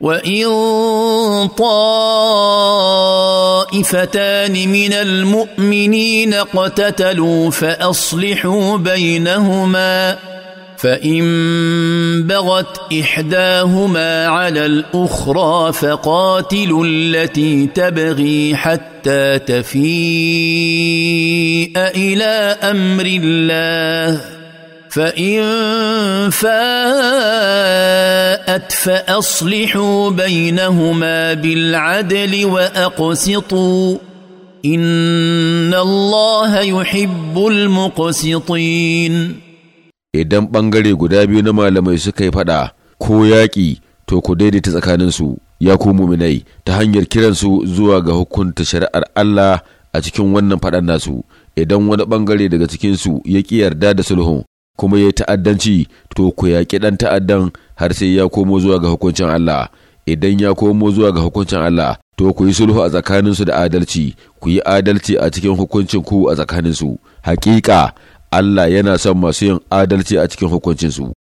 وان طائفتان من المؤمنين اقتتلوا فاصلحوا بينهما فان بغت احداهما على الاخرى فقاتلوا التي تبغي حتى تفيء الى امر الله فان فات اساءت فاصلحوا بينهما بالعدل واقسطوا ان الله يحب المقسطين idan ɓangare guda biyu na malamai suka yi faɗa ko yaƙi to ku daidaita tsakaninsu ya ku muminai ta hanyar kiransu zuwa ga hukunta shari'ar Allah a cikin wannan faɗan nasu idan wani ɓangare daga cikinsu ya ƙi yarda da sulhun kuma ya yi ta'addanci to ku yaƙi ɗan ta'addan har sai ya komo zuwa ga hukuncin Allah idan ya komo zuwa ga hukuncin Allah to ku yi sulhu a tsakaninsu da adalci ku yi adalci a cikin hukuncin ku a tsakaninsu hakika Allah yana son masu yin adalci a cikin hukuncinsu